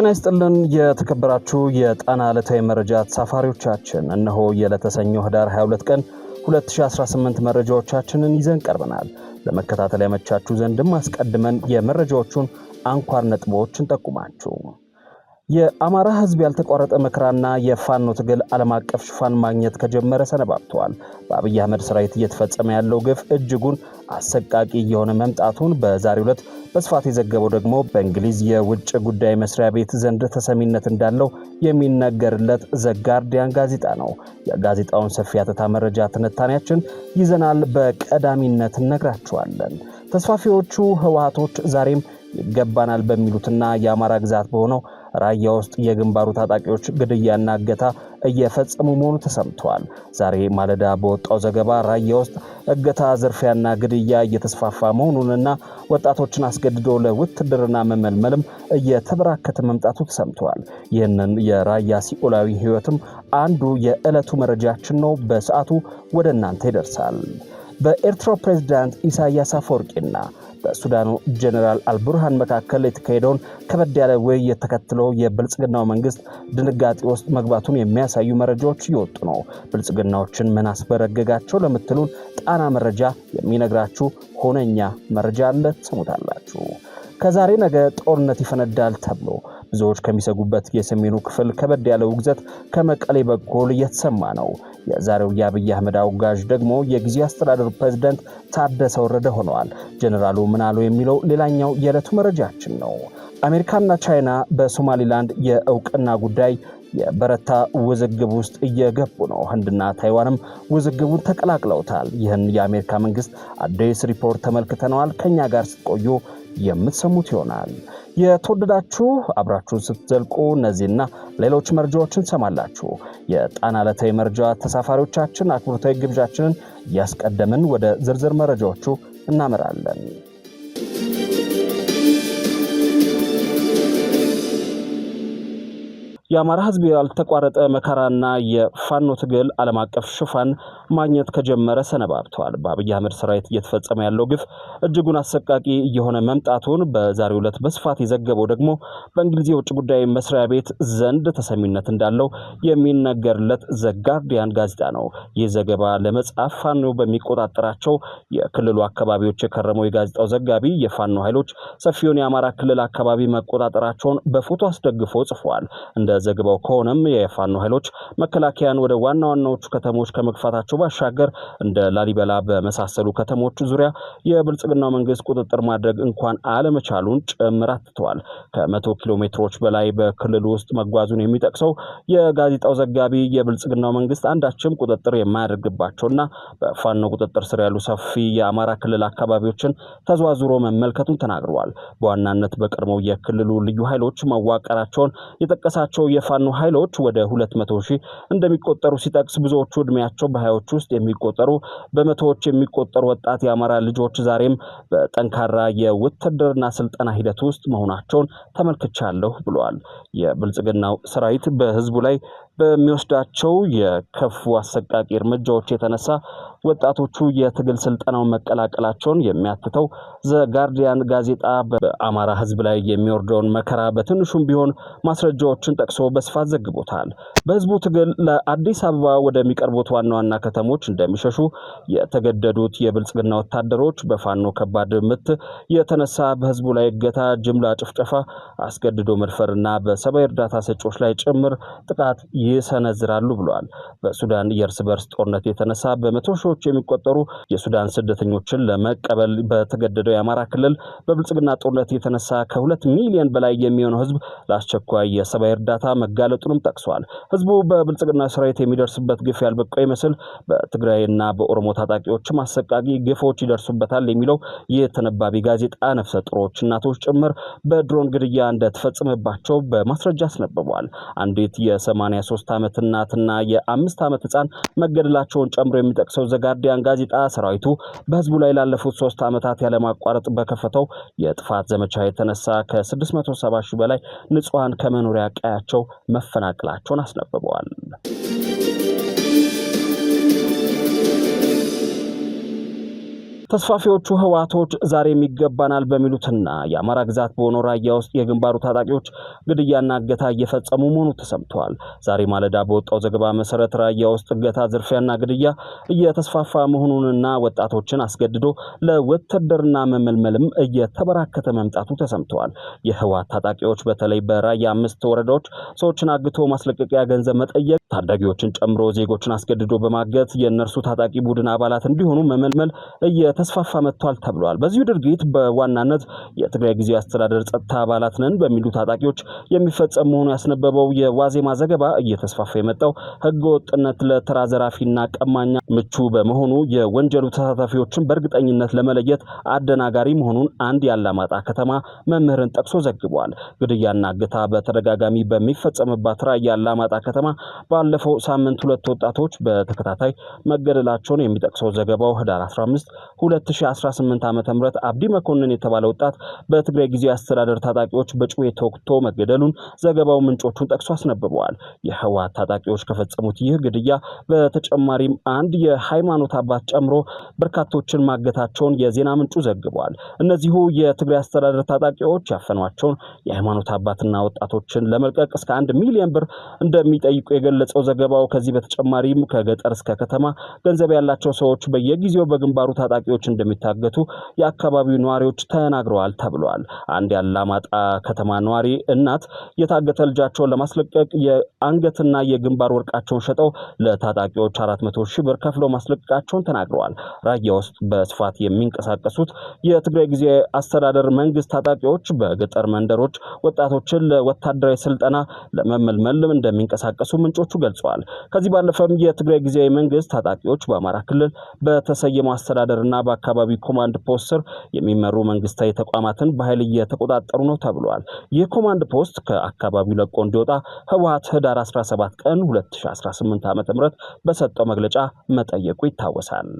ጤና ይስጥልን የተከበራችሁ የጣና ዕለታዊ መረጃ ተሳፋሪዎቻችን፣ እነሆ የዕለተሰኞ ህዳር 22 ቀን 2018 መረጃዎቻችንን ይዘን ቀርበናል። ለመከታተል ያመቻችሁ ዘንድም አስቀድመን የመረጃዎቹን አንኳር ነጥቦች እንጠቁማችሁ። የአማራ ህዝብ ያልተቋረጠ መከራና የፋኖ ትግል ዓለም አቀፍ ሽፋን ማግኘት ከጀመረ ሰነባብተዋል። በአብይ አህመድ ሰራዊት እየተፈጸመ ያለው ግፍ እጅጉን አሰቃቂ እየሆነ መምጣቱን በዛሬው ዕለት በስፋት የዘገበው ደግሞ በእንግሊዝ የውጭ ጉዳይ መስሪያ ቤት ዘንድ ተሰሚነት እንዳለው የሚነገርለት ዘጋርዲያን ጋዜጣ ነው። የጋዜጣውን ሰፊ አተታ መረጃ ትንታኔያችን ይዘናል፣ በቀዳሚነት እነግራችኋለን። ተስፋፊዎቹ ህወሓቶች ዛሬም ይገባናል በሚሉትና የአማራ ግዛት በሆነው ራያ ውስጥ የግንባሩ ታጣቂዎች ግድያና እገታ እየፈጸሙ መሆኑ ተሰምተዋል። ዛሬ ማለዳ በወጣው ዘገባ ራያ ውስጥ እገታ፣ ዝርፊያና ግድያ እየተስፋፋ መሆኑንና ወጣቶችን አስገድዶ ለውትድርና መመልመልም እየተበራከተ መምጣቱ ተሰምተዋል። ይህንን የራያ ሲኦላዊ ሕይወትም አንዱ የዕለቱ መረጃችን ነው። በሰዓቱ ወደ እናንተ ይደርሳል። በኤርትራው ፕሬዝዳንት ኢሳያስ አፈወርቂና በሱዳኑ ጀኔራል አልቡርሃን መካከል የተካሄደውን ከበድ ያለ ውይይት ተከትሎ የብልጽግናው መንግስት ድንጋጤ ውስጥ መግባቱን የሚያሳዩ መረጃዎች እየወጡ ነው። ብልጽግናዎችን ምን አስበረገጋቸው ለምትሉን ጣና መረጃ የሚነግራችሁ ሆነኛ መረጃ አለ፣ ትሰሙታላችሁ። ከዛሬ ነገ ጦርነት ይፈነዳል ተብሎ ብዙዎች ከሚሰጉበት የሰሜኑ ክፍል ከበድ ያለ ውግዘት ከመቀሌ በኩል እየተሰማ ነው። የዛሬው የአብይ አህመድ አውጋዥ ደግሞ የጊዜ አስተዳደሩ ፕሬዝደንት ታደሰ ወረደ ሆነዋል። ጀኔራሉ ምን አሉ የሚለው ሌላኛው የዕለቱ መረጃችን ነው። አሜሪካና ቻይና በሶማሊላንድ የእውቅና ጉዳይ የበረታ ውዝግብ ውስጥ እየገቡ ነው። ህንድና ታይዋንም ውዝግቡን ተቀላቅለውታል። ይህን የአሜሪካ መንግስት አዲስ ሪፖርት ተመልክተነዋል። ከኛ ጋር ስትቆዩ የምትሰሙት ይሆናል። የተወደዳችሁ አብራችሁን ስትዘልቁ እነዚህና ሌሎች መረጃዎችን ሰማላችሁ። የጣና ዕለታዊ መረጃ ተሳፋሪዎቻችን አክብሮታዊ ግብዣችንን እያስቀደምን ወደ ዝርዝር መረጃዎቹ እናመራለን። የአማራ ህዝብ ያልተቋረጠ መከራና የፋኖ ትግል ዓለም አቀፍ ሽፋን ማግኘት ከጀመረ ሰነባብተዋል። በአብይ አህመድ ሰራዊት እየተፈጸመ ያለው ግፍ እጅጉን አሰቃቂ እየሆነ መምጣቱን በዛሬው ዕለት በስፋት የዘገበው ደግሞ በእንግሊዝ የውጭ ጉዳይ መስሪያ ቤት ዘንድ ተሰሚነት እንዳለው የሚነገርለት ዘጋርዲያን ጋዜጣ ነው። ይህ ዘገባ ለመጻፍ ፋኖ በሚቆጣጠራቸው የክልሉ አካባቢዎች የከረመው የጋዜጣው ዘጋቢ የፋኖ ኃይሎች ሰፊውን የአማራ ክልል አካባቢ መቆጣጠራቸውን በፎቶ አስደግፎ ጽፏል። እንደ እንደዘገበው ከሆነም የፋኖ ኃይሎች መከላከያን ወደ ዋና ዋናዎቹ ከተሞች ከመግፋታቸው ባሻገር እንደ ላሊበላ በመሳሰሉ ከተሞች ዙሪያ የብልጽግናው መንግስት ቁጥጥር ማድረግ እንኳን አለመቻሉን ጭምር አትተዋል። ከመቶ ኪሎ ሜትሮች በላይ በክልል ውስጥ መጓዙን የሚጠቅሰው የጋዜጣው ዘጋቢ የብልጽግናው መንግስት አንዳችም ቁጥጥር የማያደርግባቸውና በፋኖ ቁጥጥር ስር ያሉ ሰፊ የአማራ ክልል አካባቢዎችን ተዘዋዝሮ መመልከቱን ተናግረዋል። በዋናነት በቀድሞው የክልሉ ልዩ ኃይሎች መዋቀራቸውን የጠቀሳቸው የፋኖ ኃይሎች ወደ ሁለት መቶ ሺህ እንደሚቆጠሩ ሲጠቅስ ብዙዎቹ እድሜያቸው በሀያዎች ውስጥ የሚቆጠሩ በመቶዎች የሚቆጠሩ ወጣት የአማራ ልጆች ዛሬም በጠንካራ የውትድርና ስልጠና ሂደት ውስጥ መሆናቸውን ተመልክቻለሁ ብለዋል። የብልጽግናው ሰራዊት በህዝቡ ላይ በሚወስዳቸው የከፉ አሰቃቂ እርምጃዎች የተነሳ ወጣቶቹ የትግል ስልጠናውን መቀላቀላቸውን የሚያትተው ዘጋርዲያን ጋዜጣ በአማራ ህዝብ ላይ የሚወርደውን መከራ በትንሹም ቢሆን ማስረጃዎችን ጠቅሶ በስፋት ዘግቦታል። በህዝቡ ትግል ለአዲስ አበባ ወደሚቀርቡት ዋና ዋና ከተሞች እንደሚሸሹ የተገደዱት የብልጽግና ወታደሮች በፋኖ ከባድ ምት የተነሳ በህዝቡ ላይ እገታ፣ ጅምላ ጭፍጨፋ፣ አስገድዶ መድፈርና በሰብአዊ እርዳታ ሰጪዎች ላይ ጭምር ጥቃት ይሰነዝራሉ ብለዋል። በሱዳን የእርስ በርስ ጦርነት የተነሳ በመቶ በመቶዎች የሚቆጠሩ የሱዳን ስደተኞችን ለመቀበል በተገደደው የአማራ ክልል በብልጽግና ጦርነት የተነሳ ከሁለት ሚሊዮን በላይ የሚሆነው ህዝብ ለአስቸኳይ የሰብአዊ እርዳታ መጋለጡንም ጠቅሷል። ህዝቡ በብልጽግና ሰራዊት የሚደርስበት ግፍ ያልበቃ ይመስል በትግራይና በኦሮሞ ታጣቂዎችም አሰቃቂ ግፎች ይደርሱበታል የሚለው ይህ ተነባቢ ጋዜጣ ነፍሰ ጥሮች እናቶች ጭምር በድሮን ግድያ እንደተፈጸመባቸው በማስረጃ አስነብቧል። አንዲት የ83 ዓመት እናትና የአምስት ዓመት ህፃን መገደላቸውን ጨምሮ የሚጠቅሰው ዘ በጋርዲያን ጋዜጣ ሰራዊቱ በህዝቡ ላይ ላለፉት ሶስት ዓመታት ያለማቋረጥ በከፈተው የጥፋት ዘመቻ የተነሳ ከ670 ሺህ በላይ ንጹሐን ከመኖሪያ ቀያቸው መፈናቀላቸውን አስነብበዋል። ተስፋፊዎቹ ህዋቶች ዛሬ ይገባናል በሚሉትና የአማራ ግዛት በሆነው ራያ ውስጥ የግንባሩ ታጣቂዎች ግድያና እገታ እየፈጸሙ መሆኑ ተሰምተዋል። ዛሬ ማለዳ በወጣው ዘገባ መሰረት ራያ ውስጥ እገታ፣ ዝርፊያና ግድያ እየተስፋፋ መሆኑንና ወጣቶችን አስገድዶ ለውትድርና መመልመልም እየተበራከተ መምጣቱ ተሰምተዋል። የህዋት ታጣቂዎች በተለይ በራያ አምስት ወረዳዎች ሰዎችን አግቶ ማስለቀቂያ ገንዘብ መጠየቅ ታዳጊዎችን ጨምሮ ዜጎችን አስገድዶ በማገት የእነርሱ ታጣቂ ቡድን አባላት እንዲሆኑ መመልመል እየተስፋፋ መጥቷል ተብሏል። በዚሁ ድርጊት በዋናነት የትግራይ ጊዜያዊ አስተዳደር ጸጥታ አባላት ነን በሚሉ ታጣቂዎች የሚፈጸም መሆኑ ያስነበበው የዋዜማ ዘገባ እየተስፋፋ የመጣው ህገወጥነት ለተራ ዘራፊና ቀማኛ ምቹ በመሆኑ የወንጀሉ ተሳታፊዎችን በእርግጠኝነት ለመለየት አደናጋሪ መሆኑን አንድ የአላማጣ ከተማ መምህርን ጠቅሶ ዘግቧል። ግድያና እገታ በተደጋጋሚ በሚፈጸምባት ራያ የአላማጣ ከተማ ባለፈው ሳምንት ሁለት ወጣቶች በተከታታይ መገደላቸውን የሚጠቅሰው ዘገባው ህዳር 15 2018 ዓ ም አብዲ መኮንን የተባለ ወጣት በትግራይ ጊዜ አስተዳደር ታጣቂዎች በጩቤ ተወግቶ መገደሉን ዘገባው ምንጮቹን ጠቅሶ አስነብበዋል። የህወሓት ታጣቂዎች ከፈጸሙት ይህ ግድያ በተጨማሪም አንድ የሃይማኖት አባት ጨምሮ በርካቶችን ማገታቸውን የዜና ምንጩ ዘግቧል። እነዚሁ የትግራይ አስተዳደር ታጣቂዎች ያፈኗቸውን የሃይማኖት አባትና ወጣቶችን ለመልቀቅ እስከ አንድ ሚሊዮን ብር እንደሚጠይቁ የገለጸ እንደገለጸው ዘገባው ከዚህ በተጨማሪም ከገጠር እስከ ከተማ ገንዘብ ያላቸው ሰዎች በየጊዜው በግንባሩ ታጣቂዎች እንደሚታገቱ የአካባቢው ነዋሪዎች ተናግረዋል ተብሏል። አንድ የአላማጣ ከተማ ነዋሪ እናት የታገተ ልጃቸውን ለማስለቀቅ የአንገትና የግንባር ወርቃቸውን ሸጠው ለታጣቂዎች አራት መቶ ሺህ ብር ከፍለው ማስለቀቃቸውን ተናግረዋል። ራያ ውስጥ በስፋት የሚንቀሳቀሱት የትግራይ ጊዜ አስተዳደር መንግስት ታጣቂዎች በገጠር መንደሮች ወጣቶችን ለወታደራዊ ስልጠና ለመመልመልም እንደሚንቀሳቀሱ ምንጮቹ ገልጸዋል። ከዚህ ባለፈም የትግራይ ጊዜያዊ መንግስት ታጣቂዎች በአማራ ክልል በተሰየመው አስተዳደርና በአካባቢ ኮማንድ ፖስት ስር የሚመሩ መንግስታዊ ተቋማትን በኃይል እየተቆጣጠሩ ነው ተብለዋል። ይህ ኮማንድ ፖስት ከአካባቢው ለቆ እንዲወጣ ህወሀት ህዳር 17 ቀን 2018 ዓ ም በሰጠው መግለጫ መጠየቁ ይታወሳል።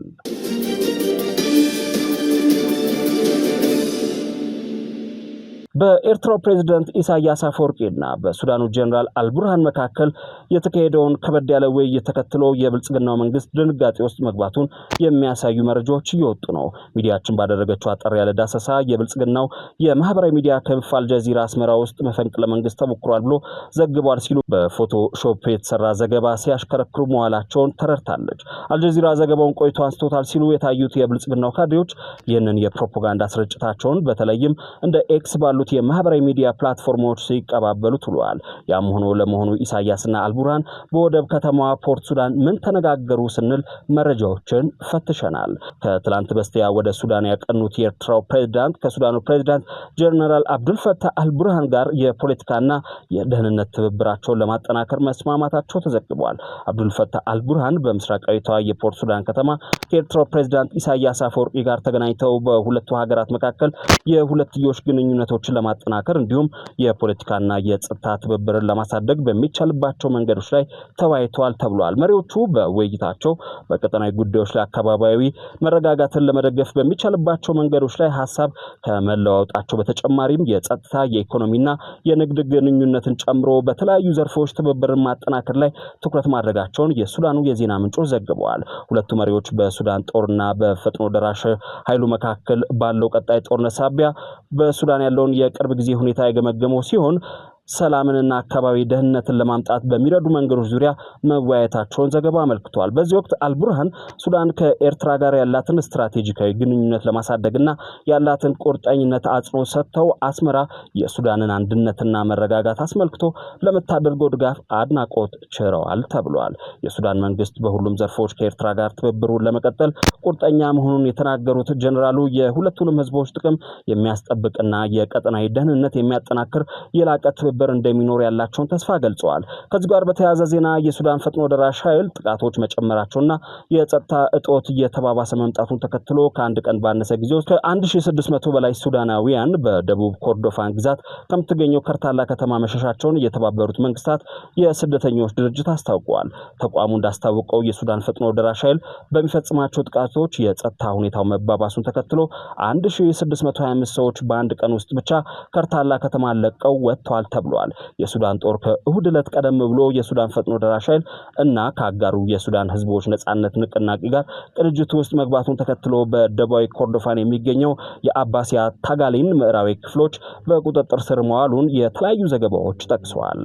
በኤርትራው ፕሬዝደንት ኢሳያስ እና በሱዳኑ ጀኔራል አልቡርሃን መካከል የተካሄደውን ከበድ ያለ ውይይት ተከትሎ የብልጽግናው መንግስት ድንጋጤ ውስጥ መግባቱን የሚያሳዩ መረጃዎች እየወጡ ነው። ሚዲያችን ባደረገችው አጠር ያለ ዳሰሳ የብልጽግናው የማህበራዊ ሚዲያ ክንፍ አልጀዚራ አስመራ ውስጥ መፈንቅለ መንግስት ተሞክሯል ብሎ ዘግቧል ሲሉ በፎቶሾፕ የተሰራ ዘገባ ሲያሽከረክሩ መዋላቸውን ተረድታለች። አልጀዚራ ዘገባውን ቆይቶ አንስቶታል ሲሉ የታዩት የብልጽግናው ካድሬዎች ይህንን የፕሮፓጋንዳ ስርጭታቸውን በተለይም እንደ ኤክስ ባሉት የማህበራዊ ሚዲያ ፕላትፎርሞች ሲቀባበሉ ትሏል። ያም ሆኖ ለመሆኑ ኢሳያስና አልቡራን በወደብ ከተማዋ ፖርት ሱዳን ምን ተነጋገሩ ስንል መረጃዎችን ፈትሸናል። ከትላንት በስቲያ ወደ ሱዳን ያቀኑት የኤርትራው ፕሬዚዳንት ከሱዳኑ ፕሬዚዳንት ጀነራል አብዱልፈታህ አልቡርሃን ጋር የፖለቲካና የደህንነት ትብብራቸውን ለማጠናከር መስማማታቸው ተዘግቧል። አብዱልፈታህ አልቡርሃን በምስራቃዊቷ የፖርት ሱዳን ከተማ ከኤርትራው ፕሬዚዳንት ኢሳያስ አፈወርቂ ጋር ተገናኝተው በሁለቱ ሀገራት መካከል የሁለትዮሽ ግንኙነቶችን ለማጠናከር እንዲሁም የፖለቲካና የጸጥታ ትብብርን ለማሳደግ በሚቻልባቸው መንገዶች ላይ ተወያይተዋል ተብሏል። መሪዎቹ በውይይታቸው በቀጠናዊ ጉዳዮች ላይ አካባቢያዊ መረጋጋትን ለመደገፍ በሚቻልባቸው መንገዶች ላይ ሀሳብ ከመለዋወጣቸው በተጨማሪም የጸጥታ የኢኮኖሚና የንግድ ግንኙነትን ጨምሮ በተለያዩ ዘርፎች ትብብርን ማጠናከር ላይ ትኩረት ማድረጋቸውን የሱዳኑ የዜና ምንጮች ዘግበዋል። ሁለቱ መሪዎች በሱዳን ጦርና በፈጥኖ ደራሽ ኃይሉ መካከል ባለው ቀጣይ ጦርነት ሳቢያ በሱዳን ያለውን የቅርብ ጊዜ ሁኔታ የገመገመው ሲሆን ሰላምንና አካባቢ ደህንነትን ለማምጣት በሚረዱ መንገዶች ዙሪያ መወያየታቸውን ዘገባው አመልክቷል። በዚህ ወቅት አልቡርሃን ሱዳን ከኤርትራ ጋር ያላትን ስትራቴጂካዊ ግንኙነት ለማሳደግና ያላትን ቁርጠኝነት አጽኖ ሰጥተው አስመራ የሱዳንን አንድነትና መረጋጋት አስመልክቶ ለምታደርገው ድጋፍ አድናቆት ችረዋል ተብሏል። የሱዳን መንግስት በሁሉም ዘርፎች ከኤርትራ ጋር ትብብሩን ለመቀጠል ቁርጠኛ መሆኑን የተናገሩት ጀኔራሉ የሁለቱንም ህዝቦች ጥቅም የሚያስጠብቅና የቀጠናዊ ደህንነት የሚያጠናክር የላቀ ትብብር ትብብር እንደሚኖር ያላቸውን ተስፋ ገልጸዋል። ከዚህ ጋር በተያያዘ ዜና የሱዳን ፈጥኖ ደራሽ ኃይል ጥቃቶች መጨመራቸውና የጸጥታ እጦት እየተባባሰ መምጣቱን ተከትሎ ከአንድ ቀን ባነሰ ጊዜ ውስጥ ከ1600 በላይ ሱዳናዊያን በደቡብ ኮርዶፋን ግዛት ከምትገኘው ከርታላ ከተማ መሸሻቸውን የተባበሩት መንግስታት የስደተኞች ድርጅት አስታውቀዋል። ተቋሙ እንዳስታወቀው የሱዳን ፈጥኖ ደራሽ ኃይል በሚፈጽማቸው ጥቃቶች የጸጥታ ሁኔታው መባባሱን ተከትሎ 1625 ሰዎች በአንድ ቀን ውስጥ ብቻ ከርታላ ከተማ ለቀው ወጥተዋል ተብሏል። ብሏል። የሱዳን ጦር ከእሁድ ዕለት ቀደም ብሎ የሱዳን ፈጥኖ ደራሽ ኃይል እና ከአጋሩ የሱዳን ህዝቦች ነጻነት ንቅናቄ ጋር ቅንጅት ውስጥ መግባቱን ተከትሎ በደቡባዊ ኮርዶፋን የሚገኘው የአባሲያ ታጋሊን ምዕራዊ ክፍሎች በቁጥጥር ስር መዋሉን የተለያዩ ዘገባዎች ጠቅሰዋል።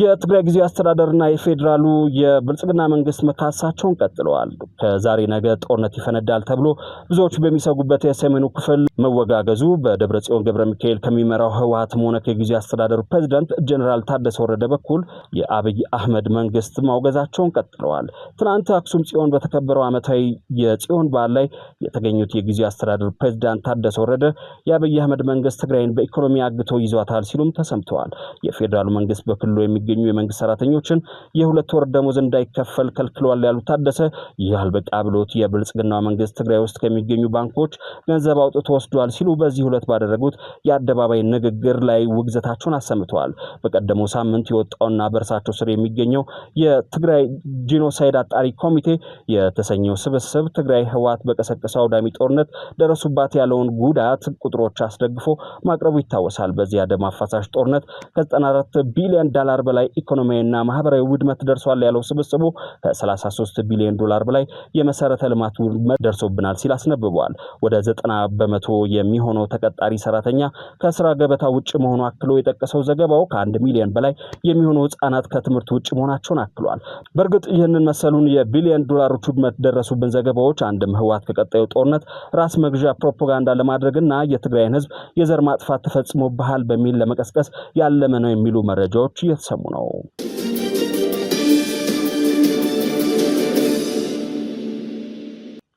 የትግራይ ጊዜ አስተዳደርና የፌዴራሉ የብልጽግና መንግስት መካሳቸውን ቀጥለዋል። ከዛሬ ነገ ጦርነት ይፈነዳል ተብሎ ብዙዎቹ በሚሰጉበት የሰሜኑ ክፍል መወጋገዙ በደብረጽዮን ገብረ ሚካኤል ከሚመራው ህወሓትም ሆነ ከጊዜያዊ አስተዳደሩ ፕሬዚዳንት ጀኔራል ታደሰ ወረደ በኩል የአብይ አህመድ መንግስት ማውገዛቸውን ቀጥለዋል። ትናንት አክሱም ጽዮን በተከበረው ዓመታዊ የጽዮን በዓል ላይ የተገኙት የጊዜ አስተዳደሩ ፕሬዚዳንት ታደሰ ወረደ የአብይ አህመድ መንግስት ትግራይን በኢኮኖሚ አግቶ ይዟታል ሲሉም ተሰምተዋል። የፌዴራሉ መንግስት በክልሉ የሚገ የሚገኙ የመንግስት ሰራተኞችን የሁለት ወር ደሞዝ እንዳይከፈል ከልክለዋል ያሉት ታደሰ ይህ አልበቃ ብሎት የብልጽግና መንግስት ትግራይ ውስጥ ከሚገኙ ባንኮች ገንዘብ አውጥቶ ወስዷል ሲሉ በዚህ ሁለት ባደረጉት የአደባባይ ንግግር ላይ ውግዘታቸውን አሰምተዋል። በቀደመው ሳምንት የወጣውና በእርሳቸው ስር የሚገኘው የትግራይ ጂኖሳይድ አጣሪ ኮሚቴ የተሰኘው ስብስብ ትግራይ ህወሓት በቀሰቀሰው አውዳሚ ጦርነት ደረሱባት ያለውን ጉዳት ቁጥሮች አስደግፎ ማቅረቡ ይታወሳል። በዚህ ደም አፋሳሽ ጦርነት ከ94 ቢሊዮን ዳላር በላይ ኢኮኖሚያዊና ማህበራዊ ውድመት ደርሷል ያለው ስብስቡ ከ33 ቢሊዮን ዶላር በላይ የመሰረተ ልማት ውድመት ደርሶብናል ሲል አስነብበዋል። ወደ 90 በመቶ የሚሆነው ተቀጣሪ ሰራተኛ ከስራ ገበታ ውጭ መሆኑ አክሎ የጠቀሰው ዘገባው ከአንድ ሚሊዮን በላይ የሚሆኑ ህጻናት ከትምህርት ውጭ መሆናቸውን አክሏል። በእርግጥ ይህንን መሰሉን የቢሊዮን ዶላሮች ውድመት ደረሱብን ዘገባዎች አንድም ህወሓት ከቀጣዩ ጦርነት ራስ መግዣ ፕሮፓጋንዳ ለማድረግና የትግራይን ህዝብ የዘር ማጥፋት ተፈጽሞብሃል በሚል ለመቀስቀስ ያለመ ነው የሚሉ መረጃዎች እየተሰሙ phenomenal.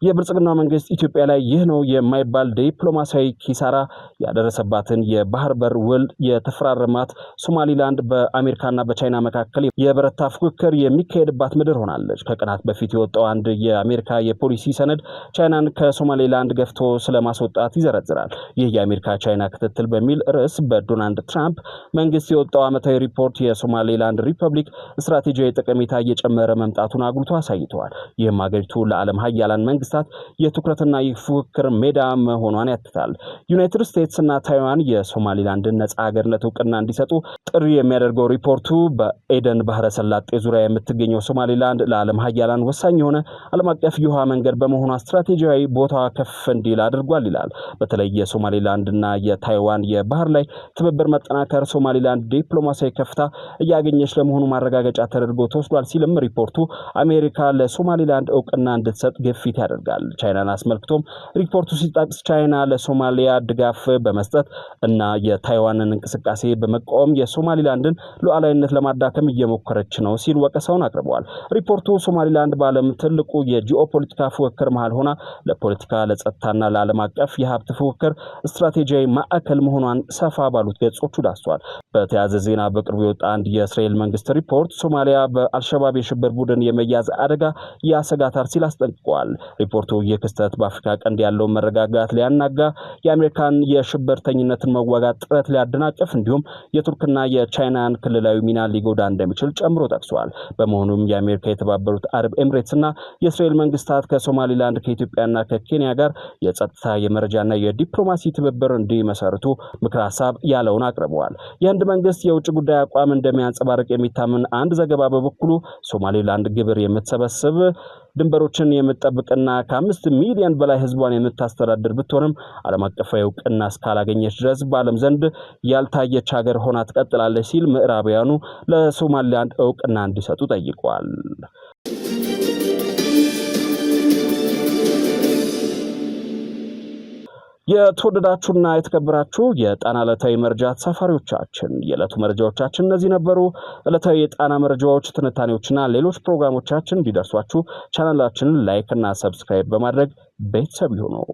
የብልጽግና መንግስት ኢትዮጵያ ላይ ይህ ነው የማይባል ዲፕሎማሲያዊ ኪሳራ ያደረሰባትን የባህር በር ውል የተፈራረማት ሶማሊላንድ በአሜሪካና በቻይና መካከል የበረታ ፉክክር የሚካሄድባት ምድር ሆናለች። ከቀናት በፊት የወጣው አንድ የአሜሪካ የፖሊሲ ሰነድ ቻይናን ከሶማሌላንድ ገፍቶ ስለማስወጣት ይዘረዝራል። ይህ የአሜሪካ ቻይና ክትትል በሚል ርዕስ በዶናልድ ትራምፕ መንግስት የወጣው ዓመታዊ ሪፖርት የሶማሌላንድ ሪፐብሊክ ስትራቴጂያዊ ጠቀሜታ እየጨመረ መምጣቱን አጉልቶ አሳይተዋል። ይህም ሀገሪቱ ለዓለም ሀያላን መንግስት መንግስታት የትኩረትና የፉክክር ሜዳ መሆኗን ያትታል። ዩናይትድ እና ታይዋን የሶማሊላንድን ነጻ ሀገርነት እውቅና እንዲሰጡ ጥሪ የሚያደርገው ሪፖርቱ በኤደን ባህረ ሰላጤ ዙሪያ የምትገኘው ሶማሊላንድ ለዓለም ሀያላን ወሳኝ የሆነ ዓለም አቀፍ የውሃ መንገድ በመሆኗ ስትራቴጂያዊ ቦታዋ ከፍ እንዲል አድርጓል ይላል። በተለይ የሶማሊላንድና የታይዋን የባህር ላይ ትብብር መጠናከር ሶማሊላንድ ዲፕሎማሲያዊ ከፍታ እያገኘች ለመሆኑ ማረጋገጫ ተደርጎ ተወስዷል ሲልም ሪፖርቱ አሜሪካ ለሶማሊላንድ እውቅና እንድትሰጥ ግፊት ያደርጋል። ያደርጋል። ቻይናን አስመልክቶም ሪፖርቱ ሲጠቅስ ቻይና ለሶማሊያ ድጋፍ በመስጠት እና የታይዋንን እንቅስቃሴ በመቃወም የሶማሊላንድን ሉዓላዊነት ለማዳከም እየሞከረች ነው ሲል ወቀሳውን አቅርበዋል። ሪፖርቱ ሶማሊላንድ በዓለም ትልቁ የጂኦፖለቲካ ፉክክር መሀል ሆና ለፖለቲካ ለጸጥታና ለዓለም አቀፍ የሀብት ፉክክር ስትራቴጂያዊ ማዕከል መሆኗን ሰፋ ባሉት ገጾቹ ዳስተዋል። በተያያዘ ዜና በቅርቡ የወጣ አንድ የእስራኤል መንግስት ሪፖርት ሶማሊያ በአልሸባብ የሽብር ቡድን የመያዝ አደጋ ያሰጋታል ሲል አስጠንቅቋል። ሪፖርቱ ይህ ክስተት በአፍሪካ ቀንድ ያለውን መረጋጋት ሊያናጋ፣ የአሜሪካን የሽብርተኝነትን መዋጋት ጥረት ሊያደናቅፍ እንዲሁም የቱርክና የቻይናን ክልላዊ ሚና ሊጎዳ እንደሚችል ጨምሮ ጠቅሷል። በመሆኑም የአሜሪካ የተባበሩት አረብ ኤምሬትስና የእስራኤል መንግስታት ከሶማሊላንድ ከኢትዮጵያና ከኬንያ ጋር የጸጥታ የመረጃና የዲፕሎማሲ ትብብር እንዲመሰርቱ ምክር ሀሳብ ያለውን አቅርበዋል። የህንድ መንግስት የውጭ ጉዳይ አቋም እንደሚያንጸባርቅ የሚታምን አንድ ዘገባ በበኩሉ ሶማሌላንድ ግብር የምትሰበስብ ድንበሮችን የምትጠብቅና ከአምስት ሚሊዮን በላይ ህዝቧን የምታስተዳድር ብትሆንም ዓለም አቀፋዊ እውቅና እስካላገኘች ድረስ በዓለም ዘንድ ያልታየች ሀገር ሆና ትቀጥላለች ሲል ምዕራብያኑ ለሶማሊላንድ እውቅና እንዲሰጡ ጠይቋል። የተወደዳችሁና የተከበራችሁ የጣና ዕለታዊ መረጃ ተሳፋሪዎቻችን የዕለቱ መረጃዎቻችን እነዚህ ነበሩ። ዕለታዊ የጣና መረጃዎች፣ ትንታኔዎችና ሌሎች ፕሮግራሞቻችን እንዲደርሷችሁ ቻናላችንን ላይክ እና ሰብስክራይብ በማድረግ ቤተሰብ ይሆነው